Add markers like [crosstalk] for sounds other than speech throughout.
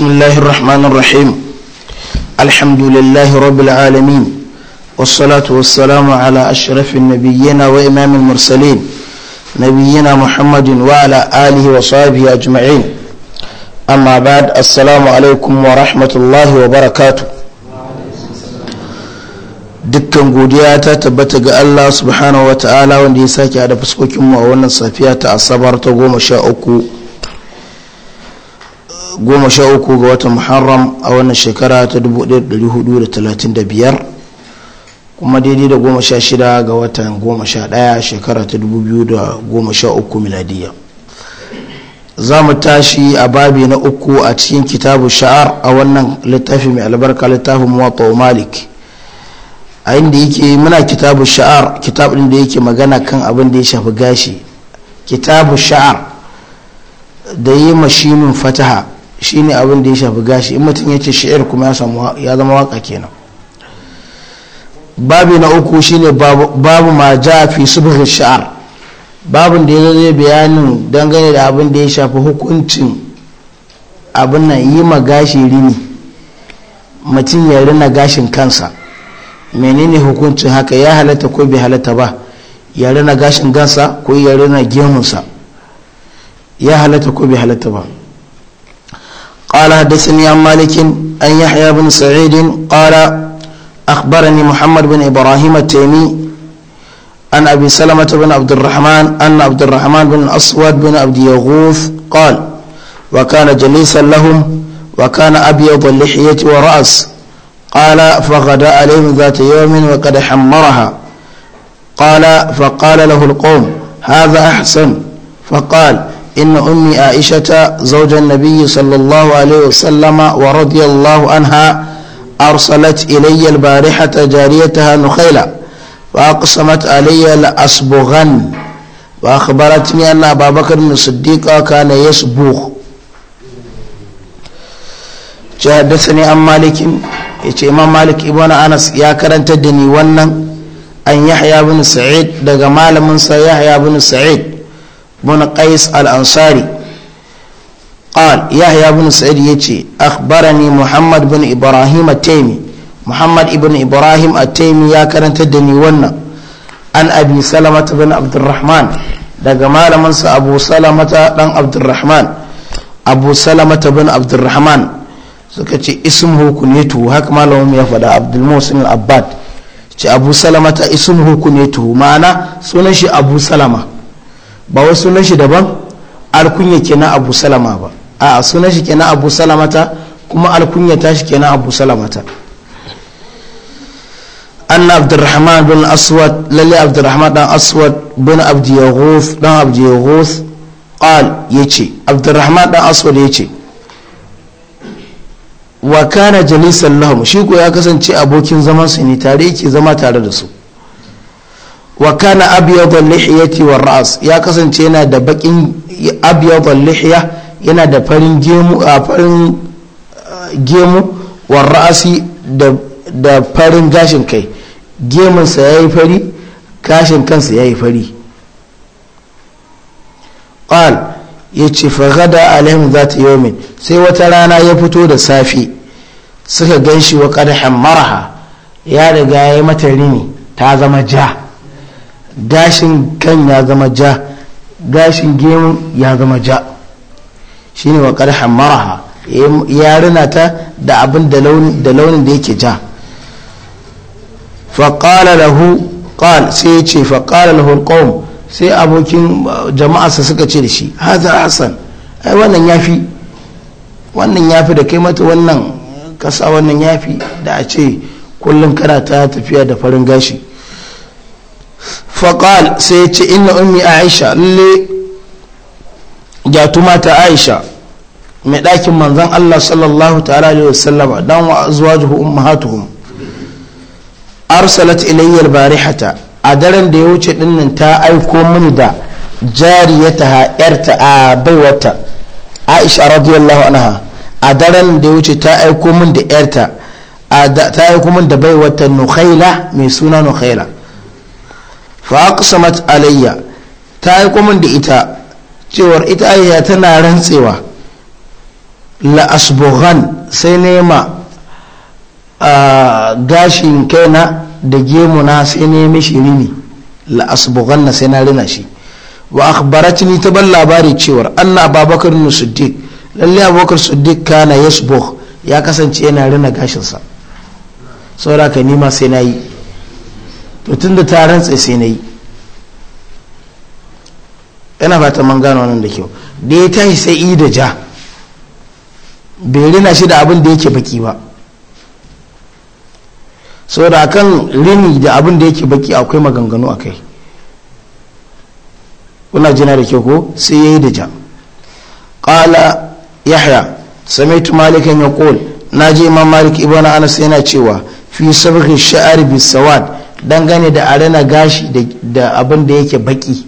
بسم الله الرحمن الرحيم الحمد لله رب العالمين والصلاة والسلام على أشرف النبيين وإمام المرسلين نبينا محمد وعلى آله وصحبه أجمعين أما بعد السلام عليكم ورحمة الله وبركاته dukkan godiya ta tabbata ga Allah subhanahu wa ta'ala wanda ya sake da fuskokinmu a wannan safiya ta asabar ta goma sha uku goma sha uku ga watan muharram a wannan shekara ta 1435 kuma daidai da goma sha shida ga watan goma sha daya shekara ta 2013 miladiya za mu tashi a babi na uku a cikin kitabu sha'ar a wannan littafi mai albarka littafin muwatta malik a inda yake muna kitabu sha'ar kitab ɗin da yake magana kan abin da ya shafi gashi kitabu sha'ar da yi mashinin fataha Shi ne abin da ya shafi gashi in mutum ya ce shi'ir kuma ya zama waka kenan Babu na uku shine babu ma ja fi subhi sha'ar babin da ya zai bayanin dangane da abin da ya shafi hukuncin abin nan yi ma gashi rini mutum ya rina gashin kansa menene hukuncin haka ya halatta ko bai halatta ba ya rina gashin gansa ko ya rina gemunsa ya halatta ko bai halatta ba قال حدثني عن مالك أن يحيى بن سعيد قال أخبرني محمد بن إبراهيم التيمي أن أبي سلمة بن عبد الرحمن أن عبد الرحمن بن الأسود بن عبد يغوث قال وكان جليسا لهم وكان أبيض اللحية ورأس قال فغدا عليهم ذات يوم وقد حمرها قال فقال له القوم هذا أحسن فقال إن أمي عائشة زوج النبي صلى الله عليه وسلم ورضي الله عنها أرسلت إلي البارحة جاريتها نخيلة وأقسمت علي لأصبغن وأخبرتني أن أبا بكر الصديق كان يصبغ حدثني أم مالك yace imam malik ibn anas ya karantar da ni wannan an yahya bin sa'id daga malamin sa yahya bin sa'id بن قيس الأنصاري قال يحيى بن سعيد يتي أخبرني محمد بن إبراهيم التيمي محمد بن إبراهيم التيمي يا كرنت الدني ونا عن أبي سلمة بن عبد الرحمن daga malamansa abu salamata dan abdurrahman abu salamata bin abdurrahman suka ce ismhu kunetu haka malamin ya faɗa abdul musin al-abbad ce abu salamata ismhu kunetu ma'ana sunan shi abu ba wasu sunan shi daban alkunya ke na abu salama ba a sunan shi ke na abu ta kuma alkunya ta shi ke na abu ta. an na abdurrahman bin aswad lalle abdurrahman dan aswad bin abdiyahuf dan abdiyahuf qal yace abdurrahman dan aswad yace wa kana jalisan lahum shi ko ya kasance abokin zaman ne tare yake zama tare da su wa kana abyadul lihiyati war ra's ya kasance yana da bakin abyadul lihiya yana da farin gemu a farin gemu war da farin gashin kai gemunsa yayi fari gashin kansa yayi fari qal yace fa gada alaihim zat yawmin sai wata rana ya fito da safi suka ganshi wa qad hammaraha ya riga ya mata rini ta zama ja gashin kan ya zama ja gashin gemu ya zama ja shine wa karhan maraha ya ta da abin da launin da yake ja faƙala lahu ƙal sai ya ce faƙala lahu qawm sai abokin uh, jama'arsa suka ce da shi haza hassan ai wannan ya fi wannan ya fi da kai mata wannan kasa wannan ya fi da a ce kullum kana ta tafiya da farin gashi faƙal sai ya ce inna ummi aisha lalle jatuma ta aisha mai ɗakin manzan allah sallallahu ta'ala alaihi wasallama dan wa zuwajuhu ummahatuhum arsalat ilayyar barihata a daren da ya wuce dinnan ta aiko mini da jariyataha yarta a baiwata aisha radiyallahu anha a daren da ya wuce ta aiko min da yarta ta aiko min da baiwata nukhaila mai suna nukhaila fa aqsamat alayya ta yi kuma da ita cewar ita ayya tana rantsewa la asbughan sai nema gashin kaina da gemuna sai nemi shi rini la asbughan sai na rina shi wa akhbaratni ta ban labari cewar anna ababakar siddiq lalle abubakar siddiq kana yasbugh ya kasance yana rina gashinsa saboda ka nima sai na yi to tun da ta rantse sai na yi yana fata man gano nan da kyau da ya tashi sai i da ja bai rina shi da abin da yake baki ba sau da akan rini da abin da yake baki akwai maganganu a kai kuna jina da kyau ko sai ya yi da ja ƙala yahya samaitu malikan ya ƙol na je imam malik ana sai yana cewa fi sabghi sha'ar bisawad dangane da arena gashi da abin da yake baki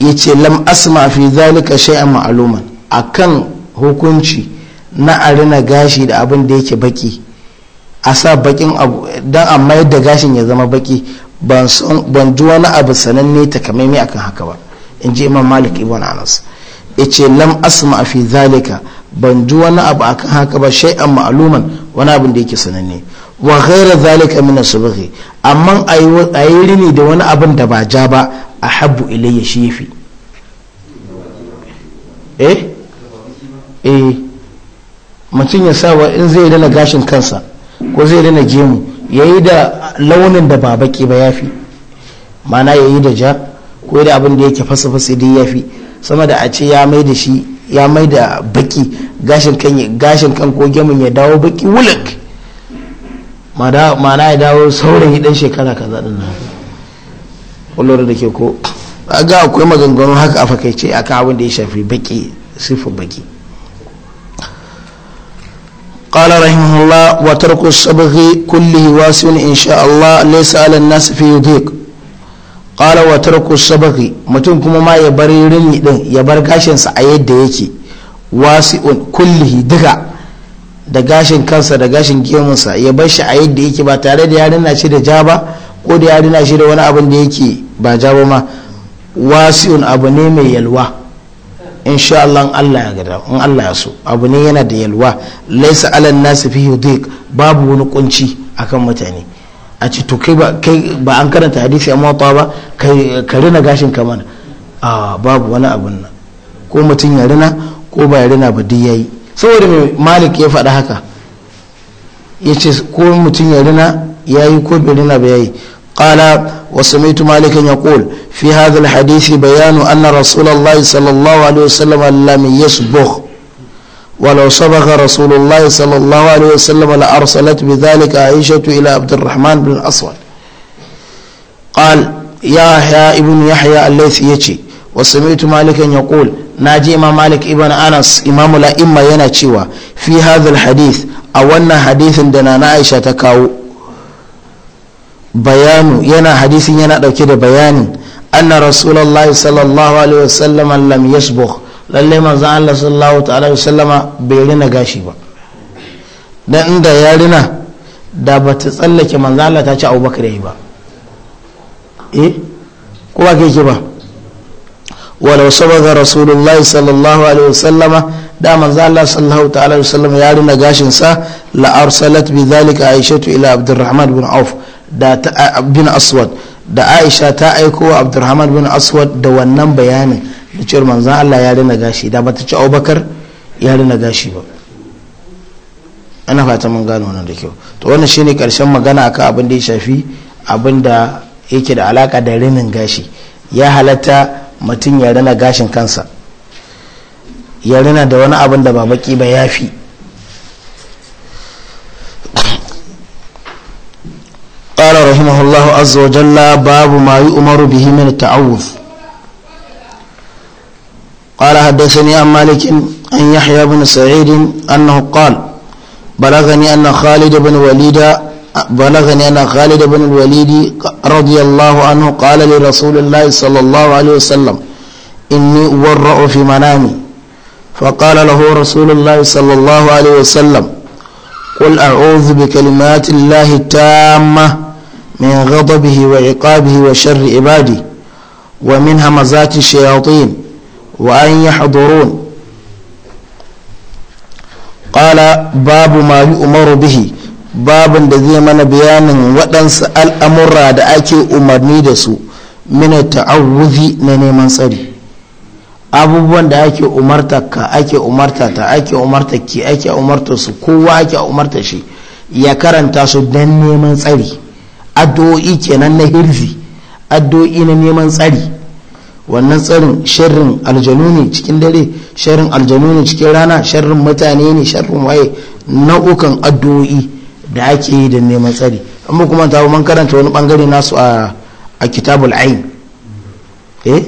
ya ce lam asma fi zalika shay'an ma'aluman akan hukunci na arena gashi da abin da yake baki a sa bakin don a mayar da gashin ya zama baki ban ji wani abu sananne takamaimai akan haka ba in ji imam malik ibn anas ya ce lam asma fi zalika ban ji wani abu akan haka ba shay'an ma'aluman wani abin da yake sananne wa ghaira zalika min asbaghi amma ayi rini da wani abin da ba ja ba a habbu ilayya shi eh eh mutum ya sa wa in zai dana gashin kansa ko zai dana gemu yayi da launin da ba baki ba yafi mana yayi da ja ko da abin da yake fasa fasa dai yafi sama da a ce ya mai da shi ya mai da baki gashin kan ko gemun ya dawo baki wulak ma'ana ya dawo saurin dan shekara kaza din nan ƙwallon da ke ko a ga akwai maganganu haka afakaice a kan da ya shafi baki sifin baki ƙala rahimahullah wa tarku sabghi kulli wasin insha Allah laysa ala nas fi duk ƙala wa tarku sabghi mutum kuma ma ya bari rini din ya bar gashinsa a yadda yake wasu wasi kullihi duka da gashin kansa da gashin gemunsa ya bar shi a yadda yake ba tare da yarin na shi da ja ba ko da yarin na shi da wani abin da yake ba ja ba ma wasi'un abu ne mai yalwa insha Allah Allah ya gada in Allah ya so abu ne yana da yalwa laisa alan nasi fihi dhiq babu wani kunci akan mutane a ce to kai ba an karanta hadisi amma ta ba ka rina gashin ka mana a babu wani abun nan ko mutum ya rina ko ba ya rina ba duk yayi saboda mai malik ya faɗi haka ya ce ko mutum ya rina ya yi ko bai rina ba ya yi ƙala wasu maitu ya ƙol fi hadhal hadisi bayanu anna rasulullahi sallallahu alaihi wasallam allam yasbukh ولو صبغ رسول الله صلى الله عليه وسلم لارسلت بذلك عائشه الى عبد الرحمن بن الاسود قال يا يحيى ابن يحيى الليث يجي wasu malikin ya kul na ji imam malik ibn anas imamu la'imma yana cewa fi hadhal hadis a wannan hadisin da na aisha ta kawo bayanu yana hadithin yana ɗauke da bayani anna rasulullahi sallallahu alaihi wasallam lam yasbukh lalle manzo allah sallallahu ta'ala alaihi wasallam bai rina gashi ba dan inda ya rina da bata tsallake manzo allah ta ci abubakar ba eh ba walau sabaga rasulullahi sallallahu alaihi wasallama da manzo Allah sallallahu ta'ala alaihi wasallam ya rina gashin sa la arsalat bi dhalika aishatu ila abdurrahman bin auf da ta bin aswad da aisha ta aiko abdurrahman bin aswad da wannan bayanin da cewar manzo Allah ya rina gashi da bata ci abubakar ya rina gashi ba ana fata mun gano wannan da kyau to wannan shine karshen magana akan abin da ya shafi abin da yake da alaka da rinin gashi ya halatta mutum ya rana gashin kansa ya rana da wani abin da ba baki ba ya fi ƙara rahimahullahu azza wa jalla babu ma yi umaru bihi min ta'awuz haddasa haddasani an malikin an yahya bin sa'idin annahu qal balagani anna khalid bin walida بلغني أن خالد بن الوليد رضي الله عنه قال لرسول الله صلى الله عليه وسلم إني أورأ في منامي فقال له رسول الله صلى الله عليه وسلم قل أعوذ بكلمات الله التامة من غضبه وعقابه وشر عباده ومن همزات الشياطين وأن يحضرون قال باب ما يؤمر به babin da zai mana bayanin waɗansu al'amurra da ake umarni da su mina ta'awuzi na neman tsari abubuwan da ake umarta ka ake umarta ta ake umarta ki ake umarta su kowa ake umarta shi ya karanta su don neman tsari addu'o'i kenan na hirzi addu'o'i na neman tsari wannan tsarin shirin aljanu ne cikin dare shirin aljanu ne cikin rana shirin mutane ne shirin waye nau'ukan addu'o'i da ake yi da neman tsari amma kuma ta man karanta wani bangare nasu a a kitabul ain eh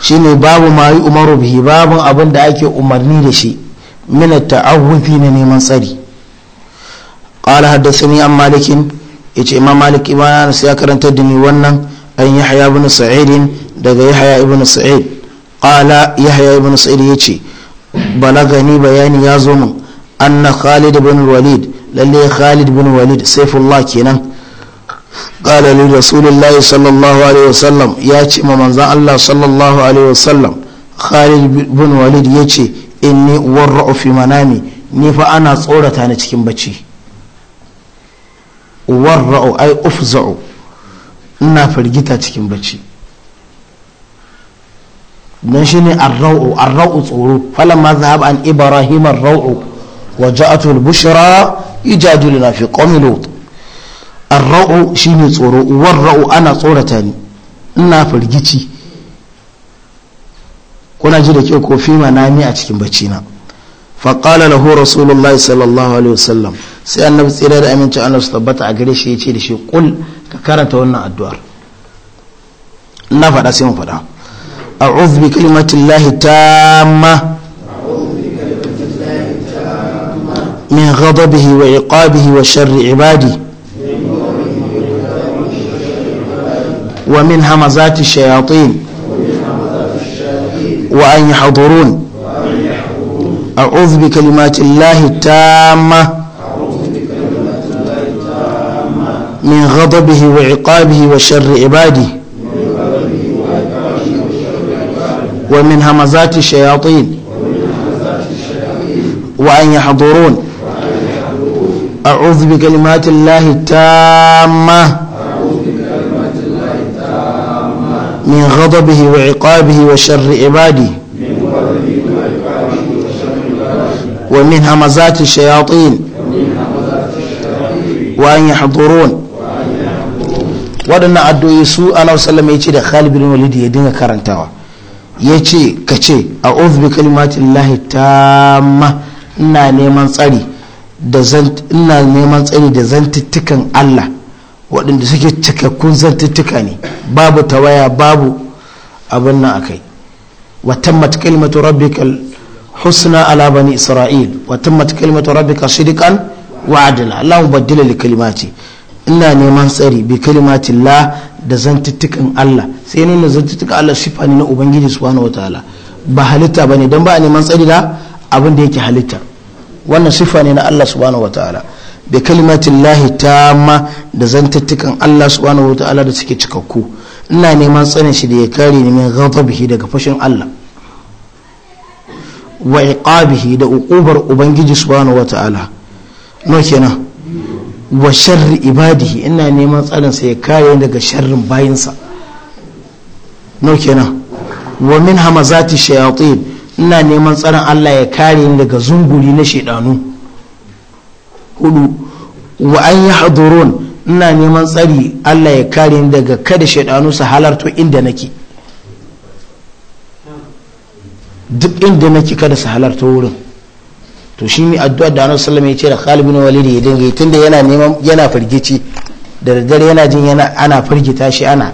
shine babu ma yi umaru bihi babun abin da ake umarni da shi min ta'awufi na neman tsari qala haddathani an malikin yace imam malik ibn sai ya karanta da ni wannan an yahya ibn sa'id daga yahya ibn sa'id qala yahya ibn sa'id yace balagani bayani ya zo min anna khalid bin walid lalle khalid bin walid saifullah kenan qala li rasulullah sallallahu alaihi wasallam yace ma manzo Allah sallallahu alaihi wasallam khalid bin walid yace inni warra'u fi manami ni fa ana tsorata ni cikin bacci warra'u ay ufza'u ina firgita cikin bacci dan shine arra'u arra'u tsoro falamma zahaba an ibrahim arra'u وجاءته البشرى يجاد لنا في قوم لوط الرأو شيني tsoro والرأو أنا tsorata ni ina firgici kuna ji da kyau ko fi manami a cikin bacci na faƙala lahu rasulullah sallallahu alaihi wasallam sai annabi tsere da aminci Allah su tabbata a gare shi ya ce da shi kul ka karanta wannan addu'ar na faɗa sai mu faɗa a'udhu bi kalimatillahi tamma من غضبه وعقابه وشر عباده ومن همزات الشياطين وأن يحضرون أعوذ بكلمات الله التامة من غضبه وعقابه وشر عباده ومن همزات الشياطين وأن يحضرون أعوذ بكلمات الله التامة من غضبه وعقابه وشر عباده ومن همزات الشياطين وأن يحضرون waɗannan addu'o'i su ana sallama ya ce da khalibin walidi ya dinga karantawa ya ce ka ce a bi kalimatin lahi tamma ina neman tsari da ina neman tsari da zantuttukan Allah waɗanda suke cikakkun zantuttuka ne babu tawaya babu abin nan kai. watan kalmatu rabbikal husna ala bani isra'il watan kalmatu rabbika shidqan wa adla Allah mubaddila li kalimati ina neman tsari bi kalimati la da zantuttukan Allah sai nuna zantuttukan Allah sifa ne na ubangiji subhanahu wataala ba halitta ba ne dan ba a neman tsari da abin da yake halitta wannan sifa ne na Allah subhanahu ta'ala bi kalimatin lahi da zantattukan Allah subhanahu ta'ala da suke cikakku ina neman tsanin shi da ya kare ni min ghadabihi daga fashin Allah wa iqabihi da uqubar ubangiji subhanahu ta'ala no kenan wa sharri ibadihi ina neman tsarin sa ya kare ni daga sharrin bayinsa no kenan wa min hamazati shayatin ina neman tsaron Allah ya kare ni daga zunguri na shaidanu hudu wa an yi hadurun ina neman tsari Allah ya kare ni daga kada shaidanu su halarto inda nake duk inda nake kada su halarta wurin to shi ne addu'ar da annabi sallallahu alaihi wasallam ya ce da Khalid bin Walid ya dinga tunda yana neman yana firgici da daddare yana jin yana ana firgita shi ana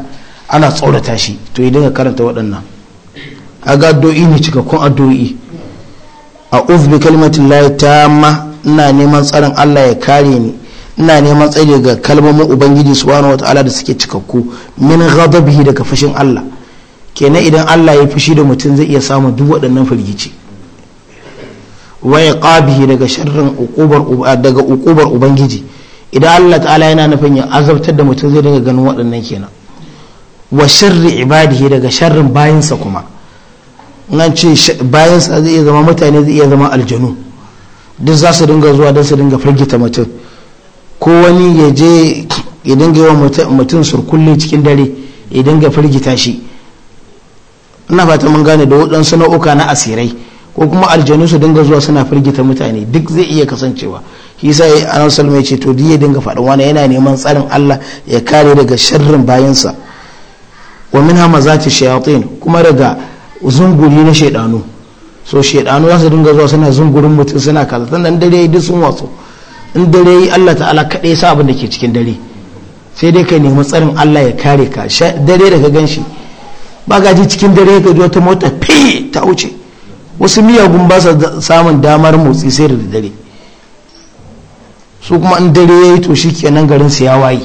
ana tsorata shi to ya dinga karanta waɗannan a addu'o'i ne cikakkun addu'o'i a uzbi kalmatin layi ta ma ina neman tsarin allah ya kare ni ina neman tsari daga kalmomin ubangiji wata ala da suke cikakku min ghadabihi daga fushin allah kenan idan allah ya fushi da mutum zai iya samun duk waɗannan firgici wa iqabihi daga sharrin uqubar daga uqubar ubangiji idan allah ta'ala yana nufin ya azabtar da mutum zai daga ganin waɗannan kenan wa sharri ibadihi daga sharrin bayinsa kuma nan ce bayan sa zai iya zama mutane zai iya zama aljanu duk za su dinga zuwa don su dinga firgita mutum ko wani ya je ya dinga yi wa mutum surkulle cikin dare ya dinga firgita shi ina fata mun gane da waɗansu nau'uka na asirai ko kuma aljanu su dinga zuwa suna firgita mutane duk zai iya kasancewa shi sa ya anan salma ce to duk ya dinga faɗin wani yana neman tsarin Allah ya kare daga sharrin bayansa wa minha mazati shayatin kuma daga zunguri na shaidanu so shaidanu za su dinga zuwa suna zungurin mutum suna kaza sannan dare duk sun wasu in dare yi Allah ta'ala kaɗai sa abin da ke cikin dare sai dai ka nemi tsarin Allah ya kare ka dare da ka gan shi ba ji cikin dare ka zuwa wata mota fi ta wuce wasu miyagun ba su samun damar motsi sai da dare su kuma in dare ya yi to shi kenan garin su ya waye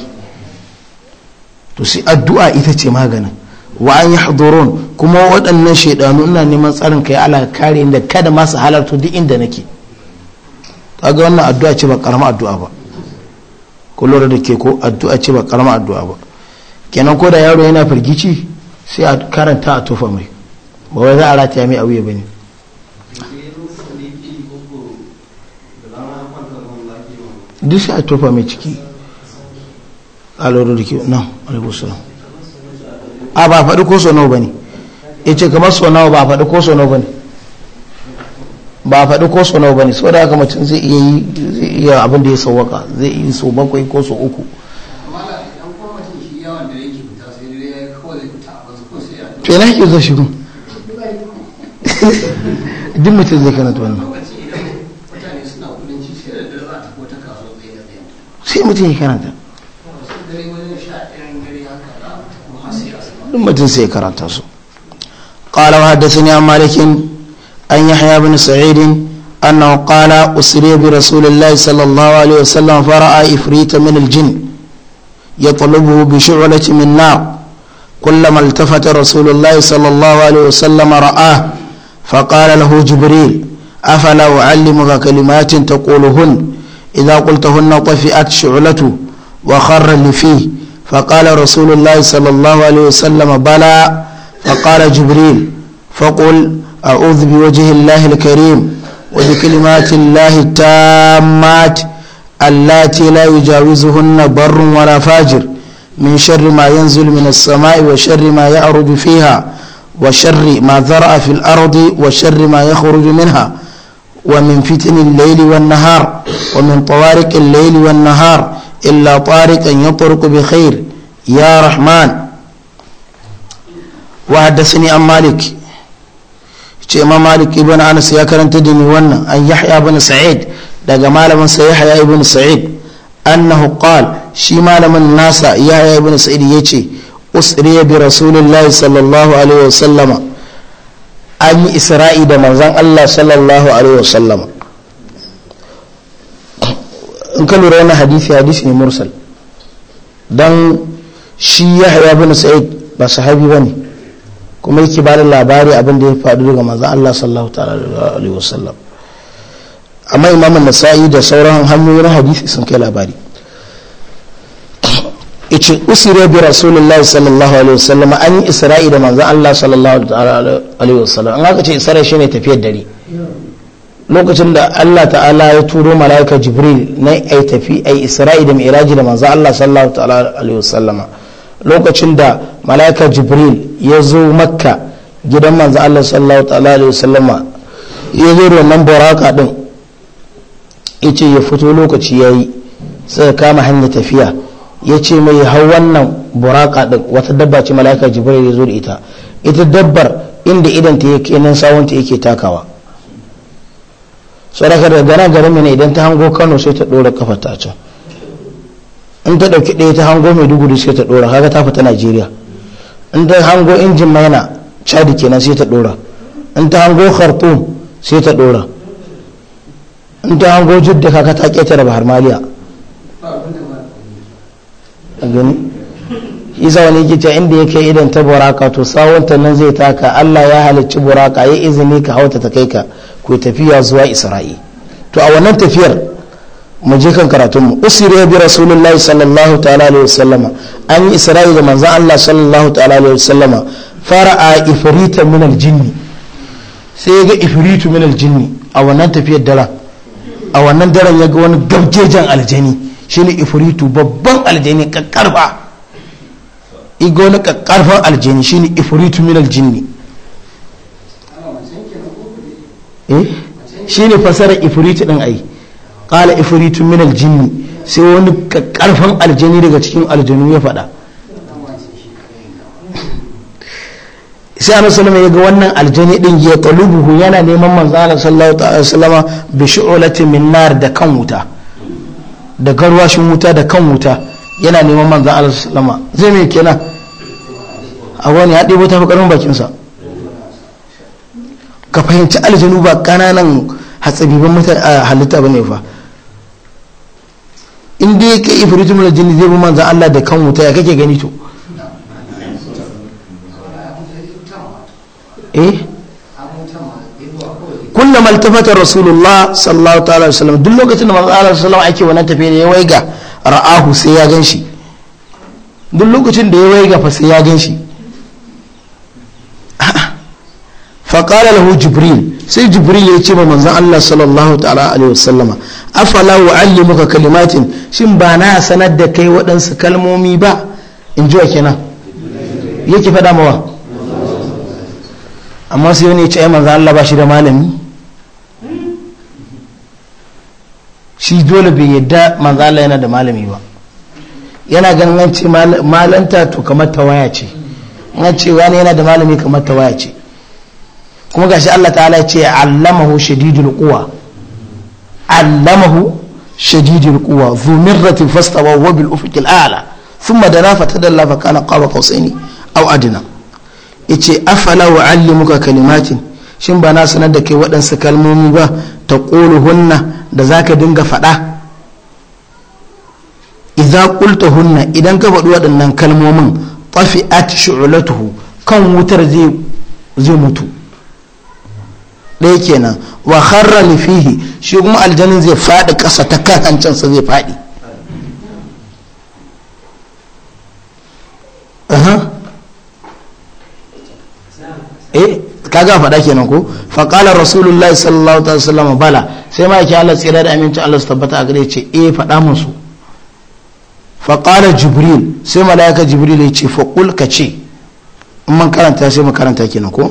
to sai addu'a ita ce maganin wa an hadurun kuma waɗannan shaidanu ina neman tsarin kai ala kare inda kada masu halartu duk inda nake kaga wannan addu'a ce ba karama addu'a ba ko lura da ke ko addu'a ce ba karama addu'a ba kenan ko da yaro yana firgici sai a karanta a tofa mai ba wai za a rataya mai a wuya ne duk sai a tofa mai ciki a lura da ke nan alaikussalam a ba faɗi ko sono ba ne ya ce kamar nawa ba faɗi ko sono ba ne ba faɗi ko sono ba ne sau da haka mutum zai iya yi iya abin da ya sauwaka zai yi so bakwai ko so uku to yana yake zai shigo [laughs] duk mutum zai karanta wannan sai mutum ya karanta duk mutum sai karanta su قال وحدثني عن مالك أن يحيى بن سعيد أنه قال أسري برسول الله صلى الله عليه وسلم فرأى إفريت من الجن يطلبه بشعلة من نار كلما التفت رسول الله صلى الله عليه وسلم رآه فقال له جبريل أفلا أعلمك كلمات تقولهن إذا قلتهن طفئت شعلته وخر اللي فيه فقال رسول الله صلى الله عليه وسلم بلى فقال جبريل فقل أعوذ بوجه الله الكريم وبكلمات الله التامات اللاتي لا يجاوزهن بر ولا فاجر من شر ما ينزل من السماء وشر ما يعرج فيها وشر ما ذرأ في الأرض وشر ما يخرج منها ومن فتن الليل والنهار ومن طوارق الليل والنهار إلا طارقا يطرق بخير يا رحمن وحدثني عن مالك إمام مالك ابن أنس يا كرن تدني ون أن يحيى بن سعيد daga malaminsa yahya ibn sa'id annahu qal shi malamin nasa yahya ibn sa'id yace usriya bi rasulillahi sallallahu alaihi wasallama an yi isra'i da manzon Allah sallallahu alaihi wasallama in ka lura wani hadithi hadisi ne mursal dan shi haya bin sa'id ba sahabi ne kuma yake ba da labari abin da ya faɗi daga maza Allah sallallahu ta'ala alaihi wasallam amma imam an-nasa'i da sauran hanyoyin hadisi sun kai labari yace usire bi rasulullahi sallallahu alaihi wasallam an yi isra'i da manzo Allah sallallahu alaihi wasallam an aka ce isra'i shine tafiyar dare lokacin da Allah ta'ala ya turo mala'ika jibril na ai tafi ai isra'i da miraji da manzo Allah sallallahu ta'ala alaihi wasallama lokacin da mala'ika jibril ya zo makka gidan manzo Allah sallallahu ta'ala alaihi wasallama ya zo nan baraka din yace ya fito lokaci yayi sai kama hanyar tafiya yace mai hau wannan buraka din wata dabba ce mala'ika jibril ya zo da ita ita dabbar inda idan ta yake nan sawunta yake takawa saraka daga gana garin mai idan ta hango kano sai ta ɗora kafa ta can in ta dauki ɗaya ta hango mai maiduguri sai ta ɗora kaga ta fita najeriya in ta hango injin maina chadi kenan sai ta ɗora in ta hango khartoum sai ta ɗora in ta hango jidda kaga ta da bahar maliya a gani isa wani gita inda ya kai idan ta buraka to sawon nan zai taka allah ya halicci buraka ya izini ka hauta ta kai ka ku tafiya zuwa isra'i to a wannan tafiyar mu je kan karatun mu usiri bi rasulullahi sallallahu ta'ala alaihi wasallama an yi isra'i da manzon Allah sallallahu ta'ala alaihi wasallama fara'a ifritan min aljinni sai ya ga ifritu min aljinni a wannan tafiyar dara a wannan daren ya ga wani gabjejen aljani shine ifritu babban aljani kakkarfa iga wani kakkarfan aljani shine ifritu min aljinni shi eh? shine fasara ifritu din ai qala ifritu min aljinni sai wani karfan aljini daga cikin aljinu ya faɗa sai annabi sallallahu ya ga wannan aljini din ya talubuhu yana neman manzana Allah sallallahu alaihi wasallama bi shu'latin min nar da kan wuta da garwashin wuta da kan wuta yana neman manzo sallallahu alaihi wasallama zai me kenan a wani ya ɗebo ta fi ƙarfin bakinsa ka fahimci aljanu ba kananan hatsabiban halitta ba ne fa in dai ka ifiritu min jini zai bi manzan Allah da kan wuta ya kake gani to eh kullum altafata rasulullah sallallahu ta'ala wasallam duk lokacin da manzo Allah sallallahu ake wannan tafiya ya waiga ra'ahu sai ya ganshi duk lokacin da ya waiga fa sai ya ganshi faƙalar lahu jibril sai jibril ya ce ma manzan allah sallallahu ta'ala alaihi wasallama afala wa allimuka kalimatin shin ba na sanar da kai waɗansu kalmomi ba in ji wa kenan yake faɗa mawa amma sai wani ya ce ai manzan allah ba shi da malami shi dole bai yadda manzan allah yana da malami ba yana ganin an ce malanta to kamar tawaya ce an ce wani yana da malami kamar tawaya ce kuma gashi Allah ta'ala ya ce allamahu shadidul quwa allamahu shadidul quwa zu mirratin fastawa wa bil ufuqil a'la thumma dana fatadalla fa kana qaba qausaini aw adna yace afala wa allimuka kalimatin shin ba na sanar da kai waɗansu kalmomi ba ta hunna da zaka dinga faɗa idza hunna idan ka faɗi waɗannan kalmomin tafi'at shu'latuhu kan wutar zai mutu ɗaya kenan wa harra ni fihi shi kuma aljanin zai faɗi ƙasa ta kan hancin sa zai faɗi eh, ka ga faɗa kenan ko faƙalar qala rasulullahi sallallahu alaihi wasallam bala sai ma yake Allah tsira da amincin Allah su tabbata a gare ce eh faɗa musu faƙalar jibril sai malaika jibril ya ce faƙul ka ce in man karanta sai mu karanta kenan ko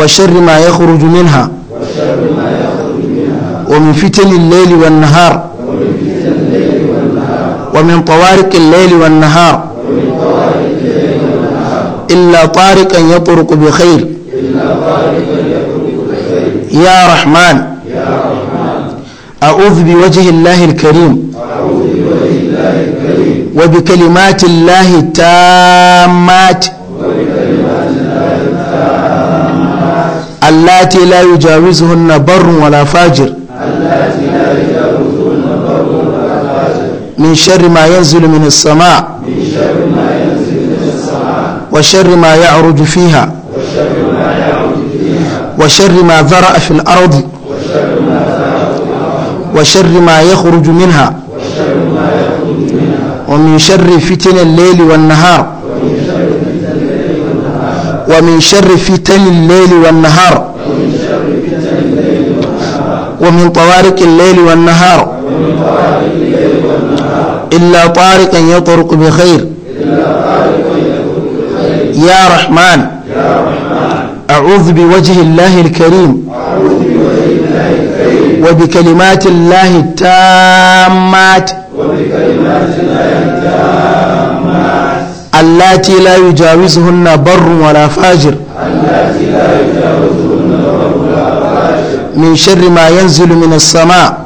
وشر ما يخرج منها ومن فتن الليل والنهار ومن طوارق الليل والنهار إلا طارقا يطرق بخير يا رحمن أعوذ بوجه الله الكريم وبكلمات الله التامات اللاتي لا يجاوزهن بر ولا فاجر اللاتي لا يجاوزهن بر ولا فاجر من شر ما ينزل من السماء من شر ما ينزل من السماء وشر ما يعرج فيها وشر ما يعرج فيها وشر ما ذرأ في الأرض وشر ما ذرأ في الأرض وشر ما يخرج منها وشر ما يخرج منها ومن شر فتن الليل والنهار ومن شر فتن الليل والنهار ومن طوارق الليل والنهار إلا طارقا يطرق بخير يا رحمن أعوذ بوجه الله الكريم وبكلمات الله التامات وبكلمات الله التامات اللاتي لا يجاوزهن بر ولا فاجر من شر ما ينزل من السماء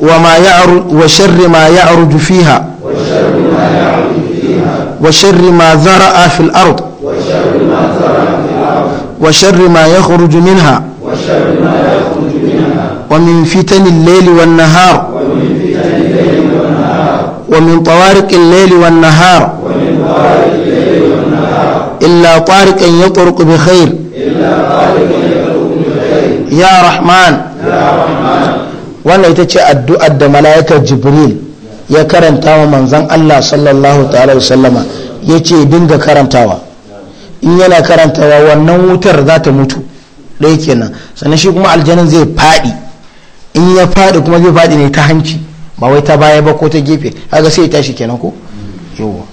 وما يعرج وشر ما يعرج فيها وشر ما ذرأ في الأرض وشر ما يخرج منها ومن فتن الليل والنهار ومن طوارق الليل والنهار إلا طارقا يطرق بخير يا رحمن wannan ita ce addu'ar da mala'ikar jibril ya karanta wa manzan Allah sallallahu ta'ala sallama ya ce dinga karantawa in yana karantawa wannan wutar za ta mutu ɗaya kenan sannan shi kuma aljanin zai faɗi in ya faɗi kuma zai faɗi ne ta hanci ba wai ta baya ba ko ta gefe haka sai ya tashi kenan ko yawa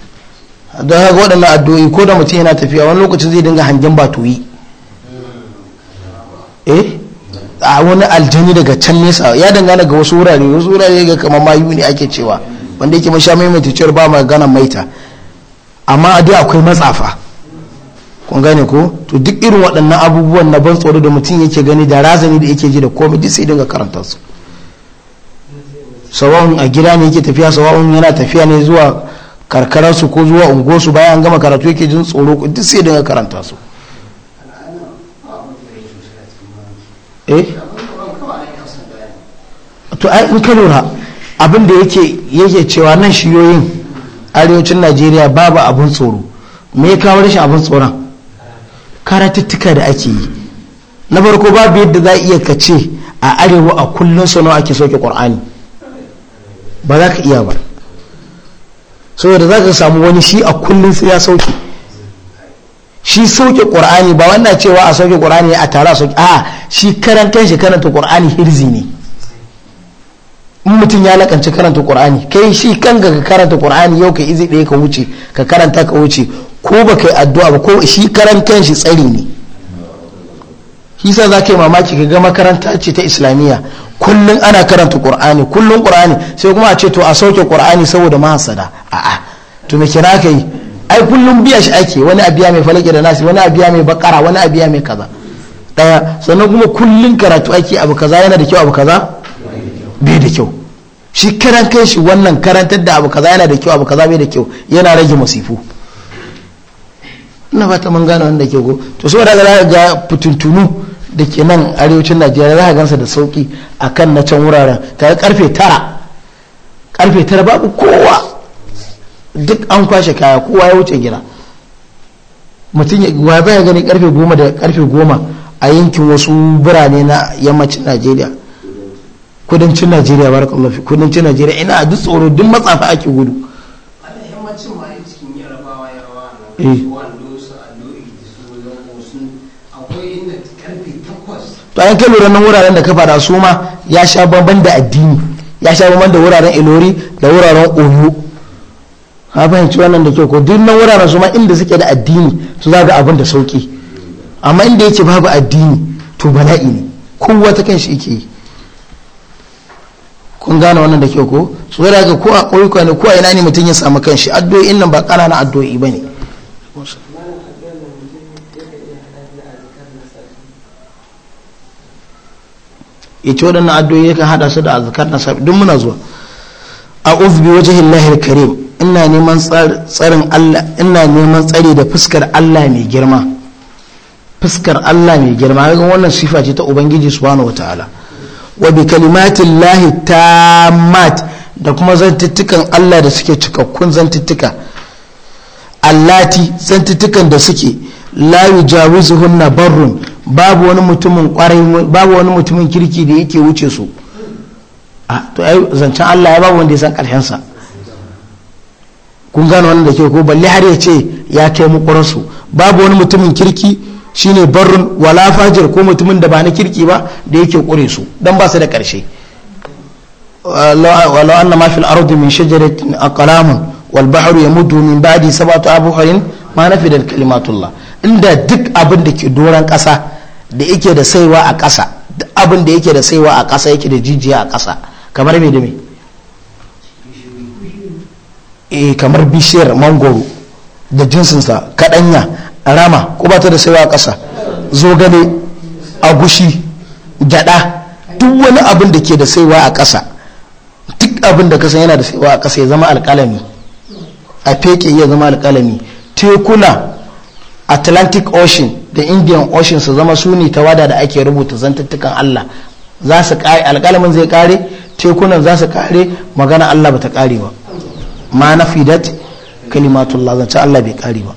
don haka waɗannan addu'o'i ko da mutum yana tafiya wani lokacin zai dinga hangen ba toyi eh a wani aljani daga can nesa ya dangana ga wasu wurare wasu wurare ga kamar mayu ne ake cewa wanda yake masha mai mutuciyar ba magana maita amma a dai akwai matsafa kun gane ko to duk irin waɗannan abubuwan na ban tsoro da mutum yake gani da razani da yake ji da komai duk sai dinga karanta su sawa'un a gida ne yake tafiya sawa'un yana tafiya ne zuwa karkararsu ko zuwa unguwarsu bayan gama karatu yake jin tsoro duk sai dinga karanta su eh to ai in lura abin da yake yake cewa nan shiyoyin arewacin najeriya babu abin tsoro me ya kawo rashin abin tsoron karatuttuka da ake yi na farko babu yadda za a iya kace a arewa a kullum nawa ake soke qur'ani ba za ka iya ba saboda za ka samu wani shi a kullum sai ya sauke shi sauke ƙur'ani ba wanda cewa a sauke ƙur'ani a tare a sauke a shi karan shi karanta ƙur'ani hirzi ne in mutum ya lakanci karanta ƙur'ani kai shi kan ga karanta ƙur'ani yau ka izi ɗaya ka wuce ka karanta ka wuce ko ba kai addu'a ba ko shi karan shi tsari ne shi sa za ka yi mamaki ka ga makaranta ce ta islamiyya kullum ana karanta qur'ani kullum qur'ani sai kuma a ce to a sauke qur'ani saboda mahasada a'a to me kira kai ai kullum biya shi ake wani biya mai falaki da nasi wani biya mai bakara wani biya mai kaza daya sannan kuma kullum karatu ake abu kaza yana da kyau abu kaza bai da kyau shi karan kai shi wannan karantar da abu kaza yana da kyau abu kaza bai da kyau yana rage masifu ina fata mun gane wanda ke go to saboda ga fitintunu da ke nan arewacin najeriya za a gansa da sauki a kan na can wuraren yi karfe tara karfe tara babu kowa duk an kwashe kaya kowa ya wuce gida mutum wa baya gani karfe goma da karfe goma a yankin wasu birane na yammacin najeriya kudancin najeriya bar kallafi kudancin najeriya ina duk tsoro duk matsafa ake gudu to an kai lura nan wuraren da ka fada su ma ya sha bamban da addini ya sha bamban da wuraren ilori da wuraren oyo ha fahimci wannan da ke ko duk nan wuraren su ma inda suke da addini su za ga abin da sauki amma inda yake babu addini to bala'i ne kowa ta kan shi yake yi kun gane wannan da ke ko su zai ga ko a ƙauyuka ne ko a ina ne mutum ya samu kanshi addu'o'in nan ba ƙananan addu'o'i ba ne ya ce waɗannan addu'o'i yakan hada su da azkar na safi duk muna zuwa uz bi wajhi llahi karim ina neman tsarin Allah ina neman tsare da fuskar Allah mai girma fuskar Allah mai girma ga wannan sifa ce ta ubangiji subhanahu wataala wa bi kalimatin llahi tammat da kuma zantuttukan Allah da suke cikakkun zantuttuka allati zantuttukan da suke la yujawizuhunna barrun babu wani mutumin kwarai babu wani mutumin kirki da yake wuce su a to ai zancen Allah ya babu wanda ya san karshen sa kun gano wannan da ke ko balle har ya ce ya kai mu su babu wani mutumin kirki shine barrun wala fajir ko mutumin da ba na kirki ba da yake kure su dan ba su da karshe walau anna ma fil ardi min shajaratin aqlamun wal bahru yamuddu min ba'di sab'atu abhurin ma nafidat kalimatullah inda duk abin da ke doron ƙasa da yake da saiwa a ƙasa duk abin da yake da saiwa a ƙasa yake da jijiya a ƙasa kamar me da me eh kamar bishiyar mangoro da jinsinsa kaɗanya rama ko ba ta da saiwa a ƙasa zogale agushi gyada duk wani abin da ke da saiwa a ƙasa duk abin da kasan yana da saiwa a ƙasa ya zama alƙalami a feke ya zama alƙalami tekuna atlantic ocean da indian ocean su zama su ne wada da ake rubuta zantattukan allah za su kare alkalamin zai kare tekunan za su kare magana allah ba ta kare ba ma na fidat kalimatullah zance allah bai kare ba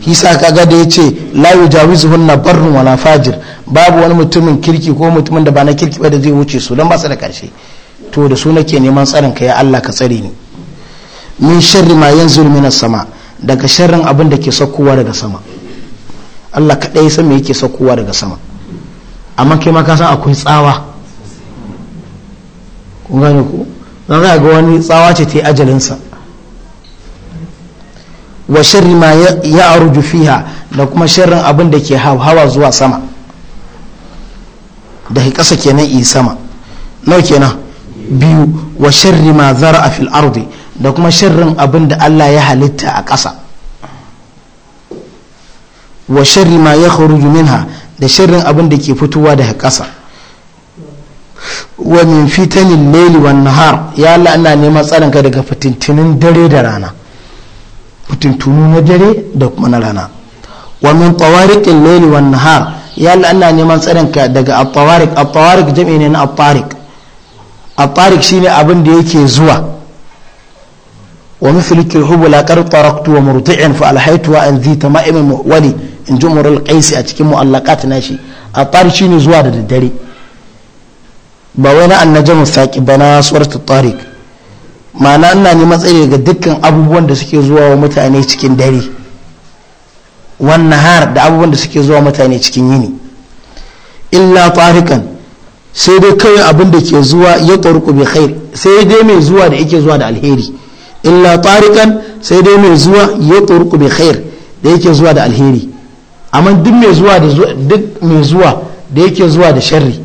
hisa kaga da ya ce layu jawizu hunna barnu wala fajir babu wani mutumin kirki ko mutumin da ba na kirki ba da zai wuce su don ba su da karshe to da su nake neman tsarin ka ya allah ka tsare ni min sharri ma yanzu minas sama daga sharrin abin da ke saukowa daga sama Allah kaɗai san me yake saukowa daga sama amma kai ma ka san akwai tsawa kun gane ku zan za ga wani tsawa ce ta yi ajalinsa wa sharri ma ya aruju fiha da kuma sharrin abin da ke hawa zuwa sama da kasa kenan i sama nau kenan biyu wa sharri ma zara a fil ardi da kuma shirin abin da Allah ya halitta a ƙasa wa shirin ma ya kharuju minha da shirin abin da ke fitowa daga ƙasa wa min fitanin laili wan nahar ya Allah ina neman tsarin ka daga fitintunin dare da rana fitintunu na dare da kuma na rana wa min tawariqil laili wan nahar ya Allah ina neman tsarin ka daga at-tawariq at-tawariq jam'i ne na at-tariq at-tariq shine abin da yake zuwa ومثل الكرهوب لا طرقت ومرضع فألحيتها عن ذي ta ولي in ji umarul kaisi a cikin mu'allakat na shi a tsari shi zuwa da daddare ba wai na annajamu saƙi ba na suratul tariq ma'ana ina neman tsari daga dukkan abubuwan da suke zuwa wa mutane cikin dare wannan har da abubuwan da suke zuwa mutane cikin yini illa tariqan sai dai kawai abin da ke zuwa ya tsarku bi khair sai dai mai zuwa da yake zuwa da alheri illa tarikan sai dai mai zuwa ya turku bi khair da yake zuwa da alheri amma duk mai zuwa da duk mai zuwa da yake zuwa da sharri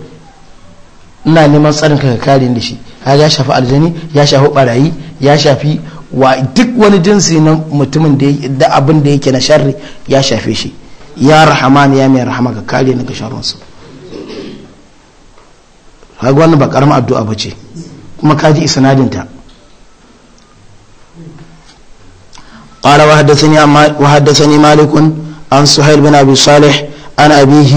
ina neman tsarin ka kare da shi ya shafi aljani ya shafi barayi ya shafi wa duk wani jinsi na mutumin da abin da yake na sharri ya shafe shi ya rahman ya mai rahama ka kare ni ga sharrinsu ga wannan ba karamar addu'a ba ce kuma kaji ta قال وحدثني وحدثني مالك عن سهيل بن ابي صالح عن ابيه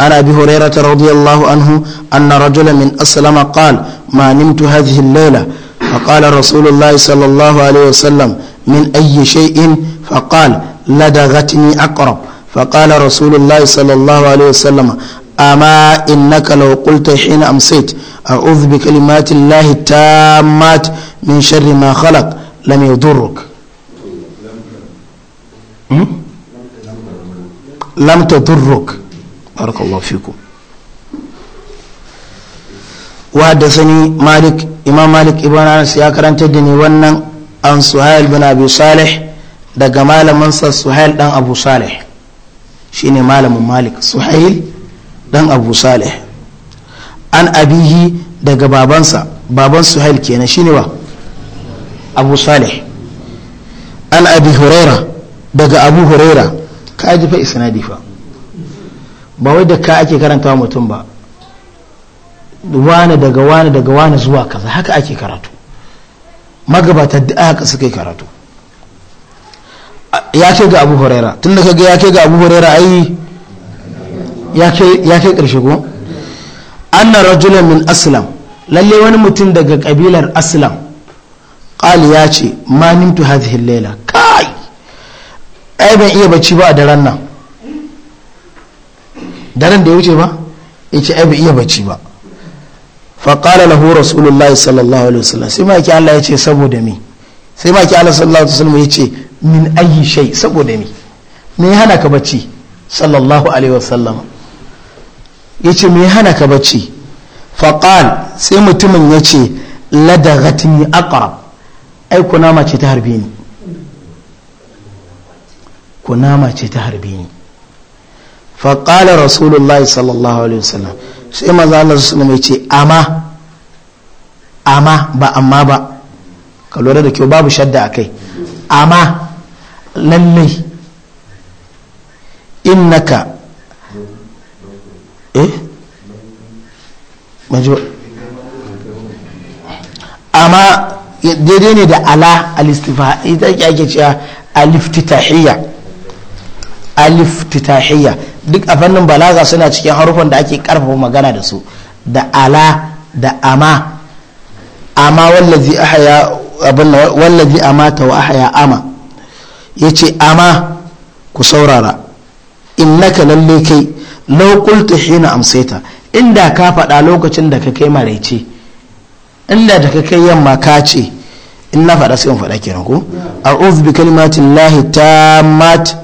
عن ابي هريره رضي الله عنه ان رجلا من اسلم قال ما نمت هذه الليله فقال رسول الله صلى الله عليه وسلم من اي شيء فقال لدغتني اقرب فقال رسول الله صلى الله عليه وسلم أما إنك لو قلت حين أمسيت أعوذ بكلمات الله التامات من شر ما خلق لم يضرك لم lam tadurruk barakallahu fikum وحدثني مالك امام مالك ابن انس يا كرنت دني ونن عن سهيل بن ابي صالح ده جمال منصر سهيل دان ابو صالح شيني مالم مالك سهيل دان ابو صالح عن ابيه ده بابانسا بابان سهيل كينا شيني وا أبو صالح عن ابي هريره daga abu huraira ka ji fa isnadi fa ba wai da ka ake karanta mutum ba wani daga wani daga wani zuwa kaza haka ake karatu magabata da aka suka karatu ya kai ga abu huraira tun da kaga ya kai ga abu huraira ai ya kai karshe ko anna rajulan min aslam lalle wani mutum daga kabilar aslam qali ya ce ma nimtu hadhihi layla kai ai ban iya bacci ba a daren nan daren da ya wuce ba ya ce ai ban iya bacci ba faƙala lahu rasulullah sallallahu alaihi wasallam sai maki Allah ya ce saboda me sai maki Allah sallallahu alaihi wasallam ya ce min ayi shay saboda me me ya hana ka bacci sallallahu alaihi wasallam ya ce me ya hana ka bacci faƙal sai mutumin ya ce ladagatni aqrab ai kunama ce ta harbe ni kunama ce ta harbe ni faƙala rasulullahi sallallahu alaihi wasallam sai maza Allah su mai ce amma amma ba amma ba ka lura da kyau babu shadda a kai amma lallai innaka eh majo amma daidai ne da ala alistifa ita ake cewa aliftitahiyya alif titahiyya duk a fannin balaga suna cikin harufan da ake karfafa magana da su da ala da ama ama wallazi ahya abin wallazi amata wa ahya ama yace ama ku saurara innaka lalle kai law qultu hina amsayta inda ka faɗa lokacin da ka kai maraice inda da ka kai yamma ka ce in na faɗa sai in faɗa kenan ko a'udhu bi kalimatillahi tammat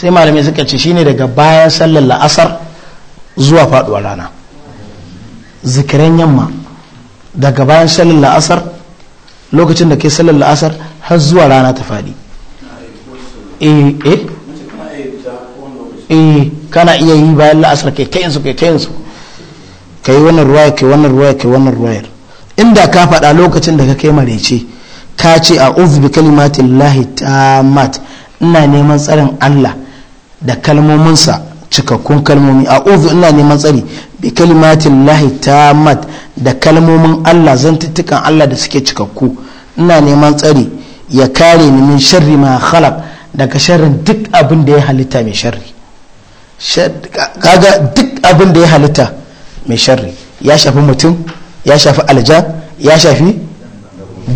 sai malamai suka ce shine daga bayan sallar la'asar zuwa faduwar rana zikiran yamma daga bayan sallar la'asar lokacin da ke sallar la'asar har zuwa rana ta faɗi eh, eh. eh kana iya yi bayan la'asar kai kayan su kai kayan su ka yi wannan ruwayar kai wannan ruwayar kai wannan ruwayar inda ka faɗa lokacin da ka kai marece ka ce a uzu bi kalimatin lahi ta mat ina neman tsarin allah da kalmominsa cikakkun kalmomi a uzu ina neman tsari bi kalimatin lahi ta mat da kalmomin Allah zantuttukan Allah da suke cikakku ina neman tsari ya kare ni min sharri ma khalaq daga sharrin duk abin da ya halitta mai sharri kaga duk abin da ya halitta mai sharri ya shafi mutum ya shafi alja ya shafi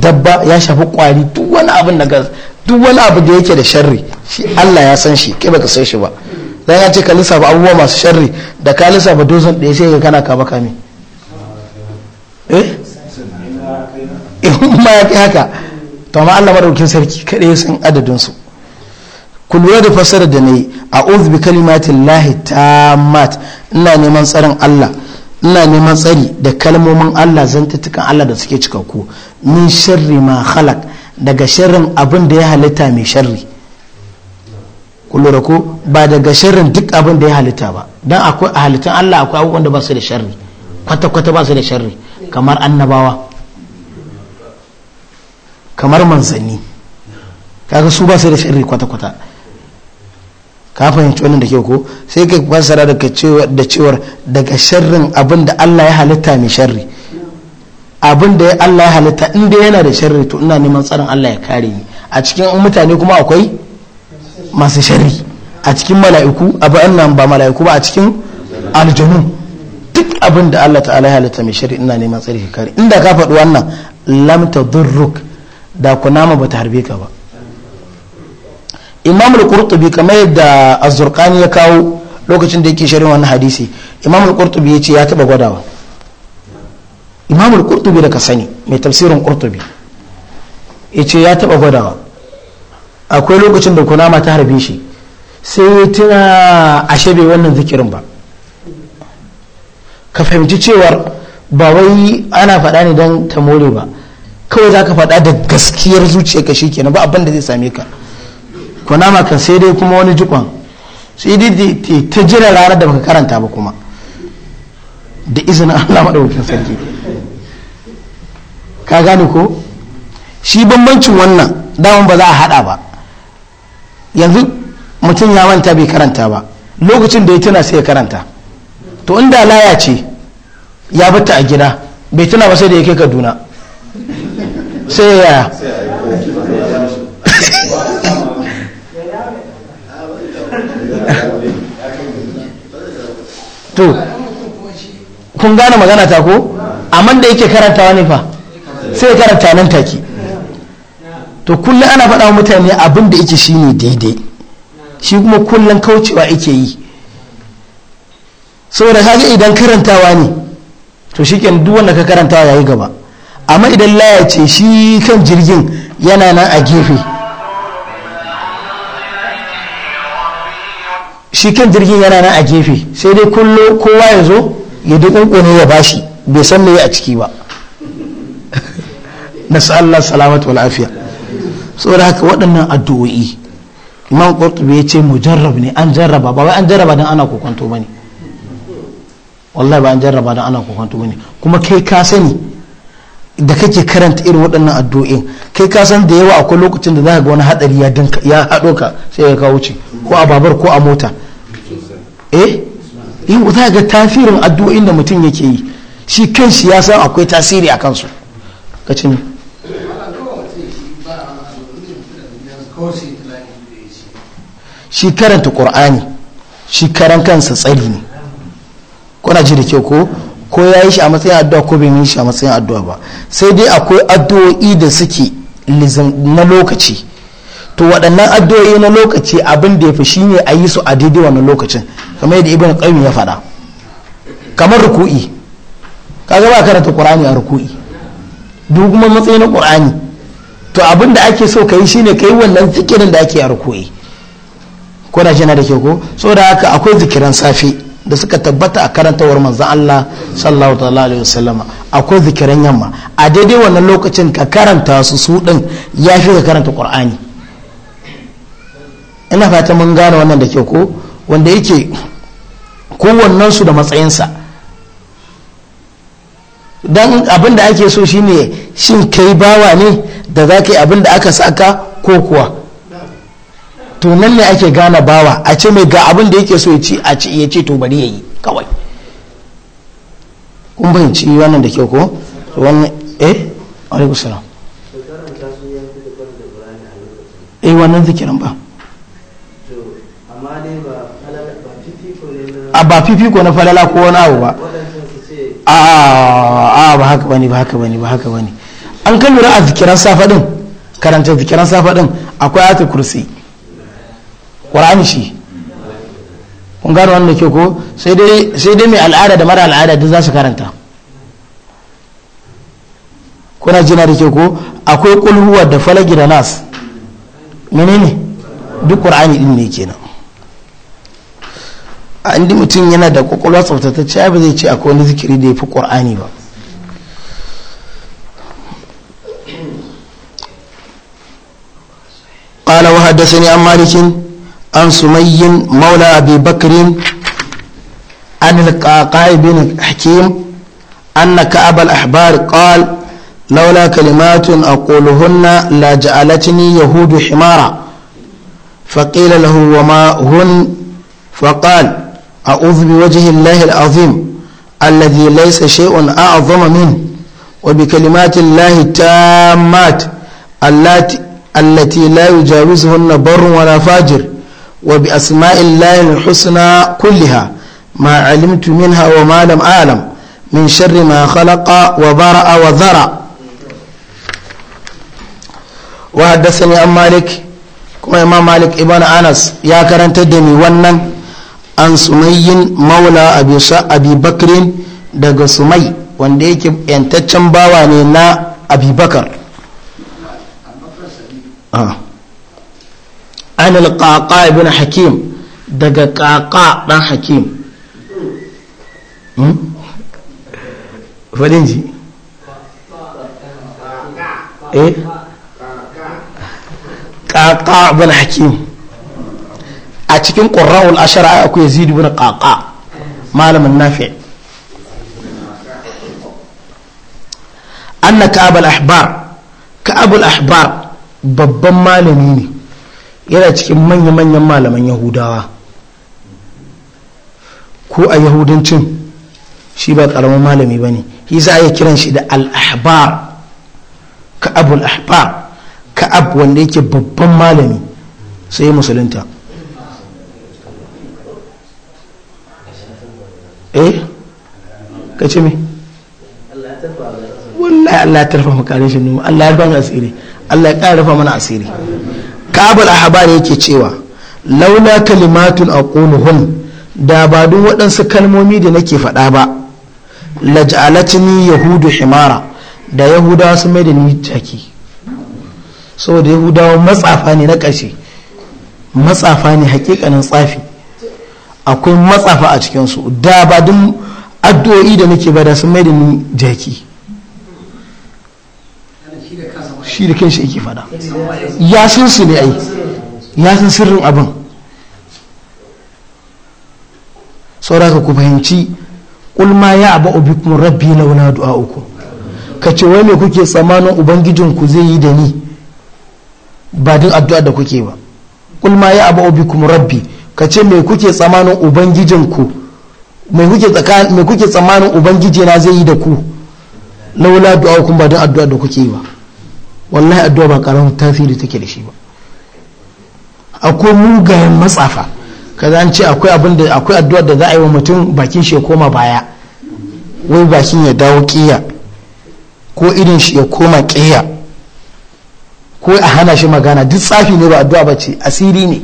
dabba ya shafi kwari duk wani abin da duk wani abu da yake da sharri shi Allah ya san shi kai baka san shi ba dan ya ce ka lissafa abubuwa masu sharri da ka lissafa dozan ɗaya sai ka kana kama eh in eh, [laughs] ma ya kai haka to amma Allah madaukin sarki kada ya san adadin su ku wa da na da nayi a'udhu bi kalimatin lahi tammat ina neman tsarin Allah ina neman tsari da kalmomin Allah zantattukan Allah da suke cikakku min sharri ma khalaq daga shirin abin da ya halitta mai sharri kullura ko ba daga shirin duk abin da ya halitta ba don akwai a halittun Allah akwai abubuwan da ba su da sharri kwata-kwata ba su da sharri kamar annabawa kamar manzanni kaga su ba su da sharri kwata-kwata ka fahimci wannan da ke ko sai ka fassara da cewar daga sharrin abin da Allah ya halitta mai sharri abin da Allah ya halitta in dai yana da sharri to ina neman tsarin Allah ya kare ni a cikin mutane kuma akwai masu sharri a cikin mala'iku abin nan ba mala'iku ba a cikin aljanu duk abin da Allah ta'ala ya halitta mai sharri ina neman tsari ka kare inda ka faɗi wannan lam tadurruk da kunama bata harbe ka ba imam al-qurtubi kamar yadda az-zurqani ya kawo lokacin da yake sharhin wannan hadisi imam al-qurtubi ya ce ya taba gwadawa imamul kurtubi da ka sani mai tafsirin ya yace ya taba gwadawa akwai lokacin da kunama ta harbe shi sai tuna a shabe wannan zikirin ba ka fahimci cewar ba wai ana faɗa ne don ta more ba kawai za ka faɗa da gaskiyar zuciya ka shi kenan ba abin zai same ka kunama kan sai dai kuma wani jikon sai dai ta jira ranar da baka karanta ba kuma da izinin allah maɗaukin sarki ka gane ko shi bambancin wannan daman ba za a hada ba yanzu mutum ya manta bai karanta ba lokacin da ya tuna sai ya karanta to inda laya ce ya bata a gida bai tuna ba sai da yake kaduna sai ya [laughs] to kun gane magana ta ko amma da yake karanta ne fa sai ya karanta nan take to kullum ana faɗa mutane abin da yake shine daidai shi kuma kullum kaucewa yake yi saboda haka idan karantawa ne to shikenan duk wanda ka karantawa yayi gaba amma idan laya ce shi kan jirgin yana nan a gefe shi kan jirgin yana nan a gefe sai dai kullo kowa ya zo ya duk ya bashi bai san me a ciki ba nas'allah salamat wal afiya saboda haka waɗannan addu'o'i imam qurtubi ya ce mujarrab ne an jarraba ba wai an jarraba dan ana kokonto bane wallahi ba an jarraba dan ana kokonto bane kuma kai ka sani da kake karanta irin waɗannan addu'o'in kai ka san da yawa akwai lokacin da zaka ga wani hadari ya dinka ya hado ka sai ya kawo ce ko a babar ko a mota eh in za ga tafirin addu'o'in da mutum yake yi shi kanshi ya san akwai tasiri a kansu kacin shi karanta ƙor'ani shi karan kansa tsari ne kuna ji da kyau ko ko ya yi shi a matsayin addu'a ko bai yi shi a matsayin addu'a ba sai dai akwai addu'o'i da suke na lokaci to waɗannan addu'o'i na lokaci abin da ya fi ne a yi su a daidai wannan lokacin kamar yadda ibn qayyim ya faɗa kamar ruku'i kaga ba karanta qur'ani a ruku'i duk kuma matsayin na to abin da ake so ka yi shine ka yi wannan zikirin da ake yaro koyi ko da jina da ke ko so da haka akwai zikiran safe da suka tabbata a karantawar manzan Allah sallallahu alaihi wasallama akwai zikiran yamma a daidai wannan lokacin ka karanta su su din ya fi ka karanta qur'ani ina fata mun gane wannan da ke ko wanda yake kowannensu da matsayinsa don abin da ake so shine shin kai bawa ne da za ka yi abin da aka saka ko kuwa to nan ne ake gane bawa a ce mai ga abin da yake so ya ci a ce to bari ya yi kawai kun fahimci wannan da kyau ko wannan eh alaikum salam eh wannan zikirin ba a ba fifiko na falala ko wani abu ba a ba haka bane ba haka bane ba haka bane an kan lura a zikiran safa din karanta zikiran safa din akwai ayatul kursi qur'ani shi kun gano wannan ke ko sai dai sai dai mai al'ada da mara al'ada duk za su karanta kuna jina da ke ko akwai kulhuwa da falagi da nas menene duk qur'ani din ne kenan a di mutum yana da kwakwalwa tsaftatacce ba zai ce akwai wani zikiri da ya fi ƙwar'ani ba ƙala wa haddasa ne an malikin an sumayyin maula abu bakirin an alƙaƙa bin hakim an na ka'abal ahbar ƙal laula kalimatun a ƙoluhunna la ja'alatini yahudu himara faƙilalahu wa ma hun faƙal أعوذ بوجه الله العظيم الذي ليس شيء أعظم منه وبكلمات الله التامات التي التي لا يجاوزهن بر ولا فاجر وبأسماء الله الحسنى كلها ما علمت منها وما لم أعلم من شر ما خلق وبرأ وذرأ وحدثني عن مالك كما إمام مالك ابن أنس يا كرنت دمي ونن an sumayyin maula abi bakrin daga sumai wanda yake yantaccen bawa ne na abubakar ah. an alƙaƙa ibn hakim daga ƙaƙa ɗan hakim hmm? faɗin ji eh ƙaƙa ibn hakim a cikin ƙurra'ul ashara akwai yazid ibn qaqa malamin nafi anna ka'ab al-ahbar ka'ab al-ahbar babban malami ne yana cikin manya-manyan malaman yahudawa ko a yahudancin shi ba karamin malami ba ne shi za a yi kiran shi da al-ahbar ka'ab al-ahbar ka'ab wanda yake babban malami sai musulunta eh ka ce me wallahi Allah ya tarfa makarin shi numa Allah ya ban asiri Allah ya ƙara mana asiri kabul ahbar yake cewa laula kalimatun aquluhun da ba duk waɗansu kalmomi da nake faɗa ba laj'alatni yahudu himara da yahudawa su mai da ni jaki saboda yahudawa matsafa ne na ƙarshe matsafa ne hakikanin tsafi akwai matsafa a cikinsu da ba duk addu'o'i da nake bada sun mai da ni jaki shi da kanshi yake fada ya san su ne ai ya san sirrin abin sauraka ku fahimci kulma ya aba ubikum rabbi laula du'a uku ka ce wai me kuke tsamanin ubangijin ku zai yi da ni ba din addu'a da kuke ba kulma ya aba ubikum rabbi ka ce mai kuke tsamanin ubangijinku mai kuke tsamanin ubangijina zai yi da ku laula addu'a kun ba don addu'a da kuke yi ba wallahi addu'a ba karamin tasiri take da shi ba akwai mugayen matsafa kaza an ce akwai abin da akwai addu'a da za a yi wa mutum bakin shi ya koma baya wai bakin ya dawo ƙiya ko irin shi ya koma ƙiya ko a hana shi magana duk tsafi ne ba addu'a ba ce asiri ne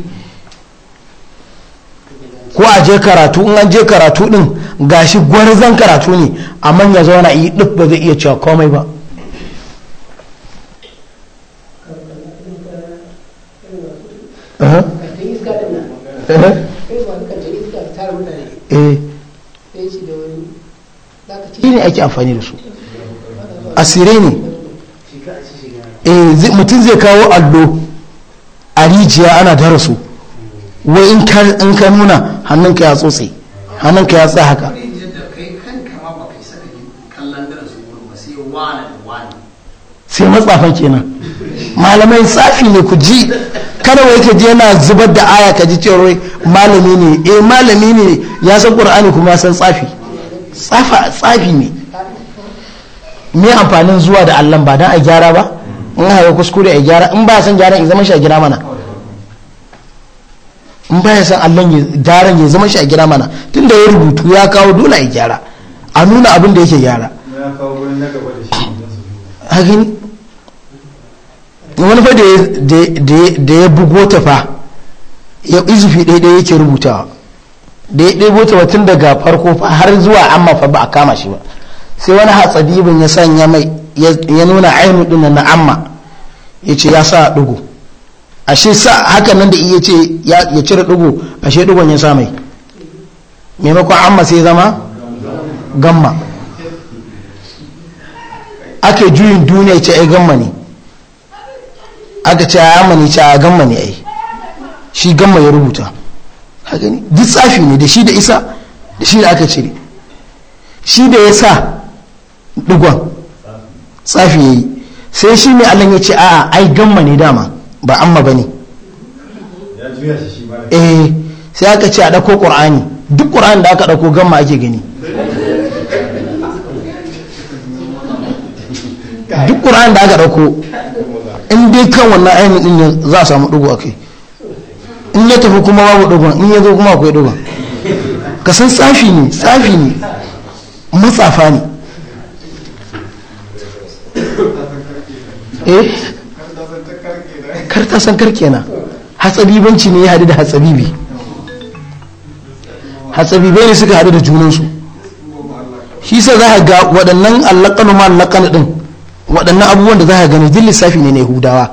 ko a je karatu in an je karatu din gashi gwarzan karatu ne amma ya zauna yi duk ba zai iya cewa komai ba eh. shi eh, mutum zai kawo allo a rijiya ana darasu wai in ka nuna hannunka ya tsotse hannunka ya tsaya haka sai matsafan kenan malamai tsafi ne ku ji kada wai ka je yana zubar da aya ka ji cewar malami ne eh malami ne ya san qur'ani kuma san tsafi tsafa tsafi ne me amfanin zuwa da allan ba dan a gyara ba in haka kuskure a gyara in ba san gyara in zama shi a gida mana in baya san allon gyaran ya zama shi a gida mana tun da ya rubutu ya kawo dole a gyara a nuna abin da yake gyara hakan wani fa da ya bugo ta fa ya izufi ɗaya yake rubutawa da ya ɗebo ta tun daga farko fa har zuwa amma fa ba a kama shi ba sai wani hatsadibin ya sanya mai ya nuna ainihin na amma ya ce ya sa ɗugu ashe sa haka nan da iya ce ya cire dugu ashe dugun ya sa mai maimakon amma sai zama gamma ake juyin duniya ce ai gamma ne aka ce a amma ne ce a gamma ne ai shi gamma ya rubuta duk tsafi ne da shi da isa da shi da aka cire shi da ya sa dugon tsafi ya yi sai shi ne allon ya ce a'a ai gamma ne dama ba amma ba ne eh sai aka ce a ɗako ƙur'ani duk ƙorani da aka ɗako gamma ake gani duk ƙorani da aka ɗako in dai kan wannan ainihin ɗin ne za a samu ɗugu a kai in ya tafi kuma babu ɗugun in ya zo kuma akwai ɗugun ka san tsafi ne tsafi ne matsafa ne eh kar ta san kar kenan hatsabibanci ne ya hadu da hatsabibi hatsabibai ne suka hadu da junansu shi sa za ga waɗannan allakanu ma allakanu ɗin waɗannan abubuwan da za ka gani duk lissafi ne na yahudawa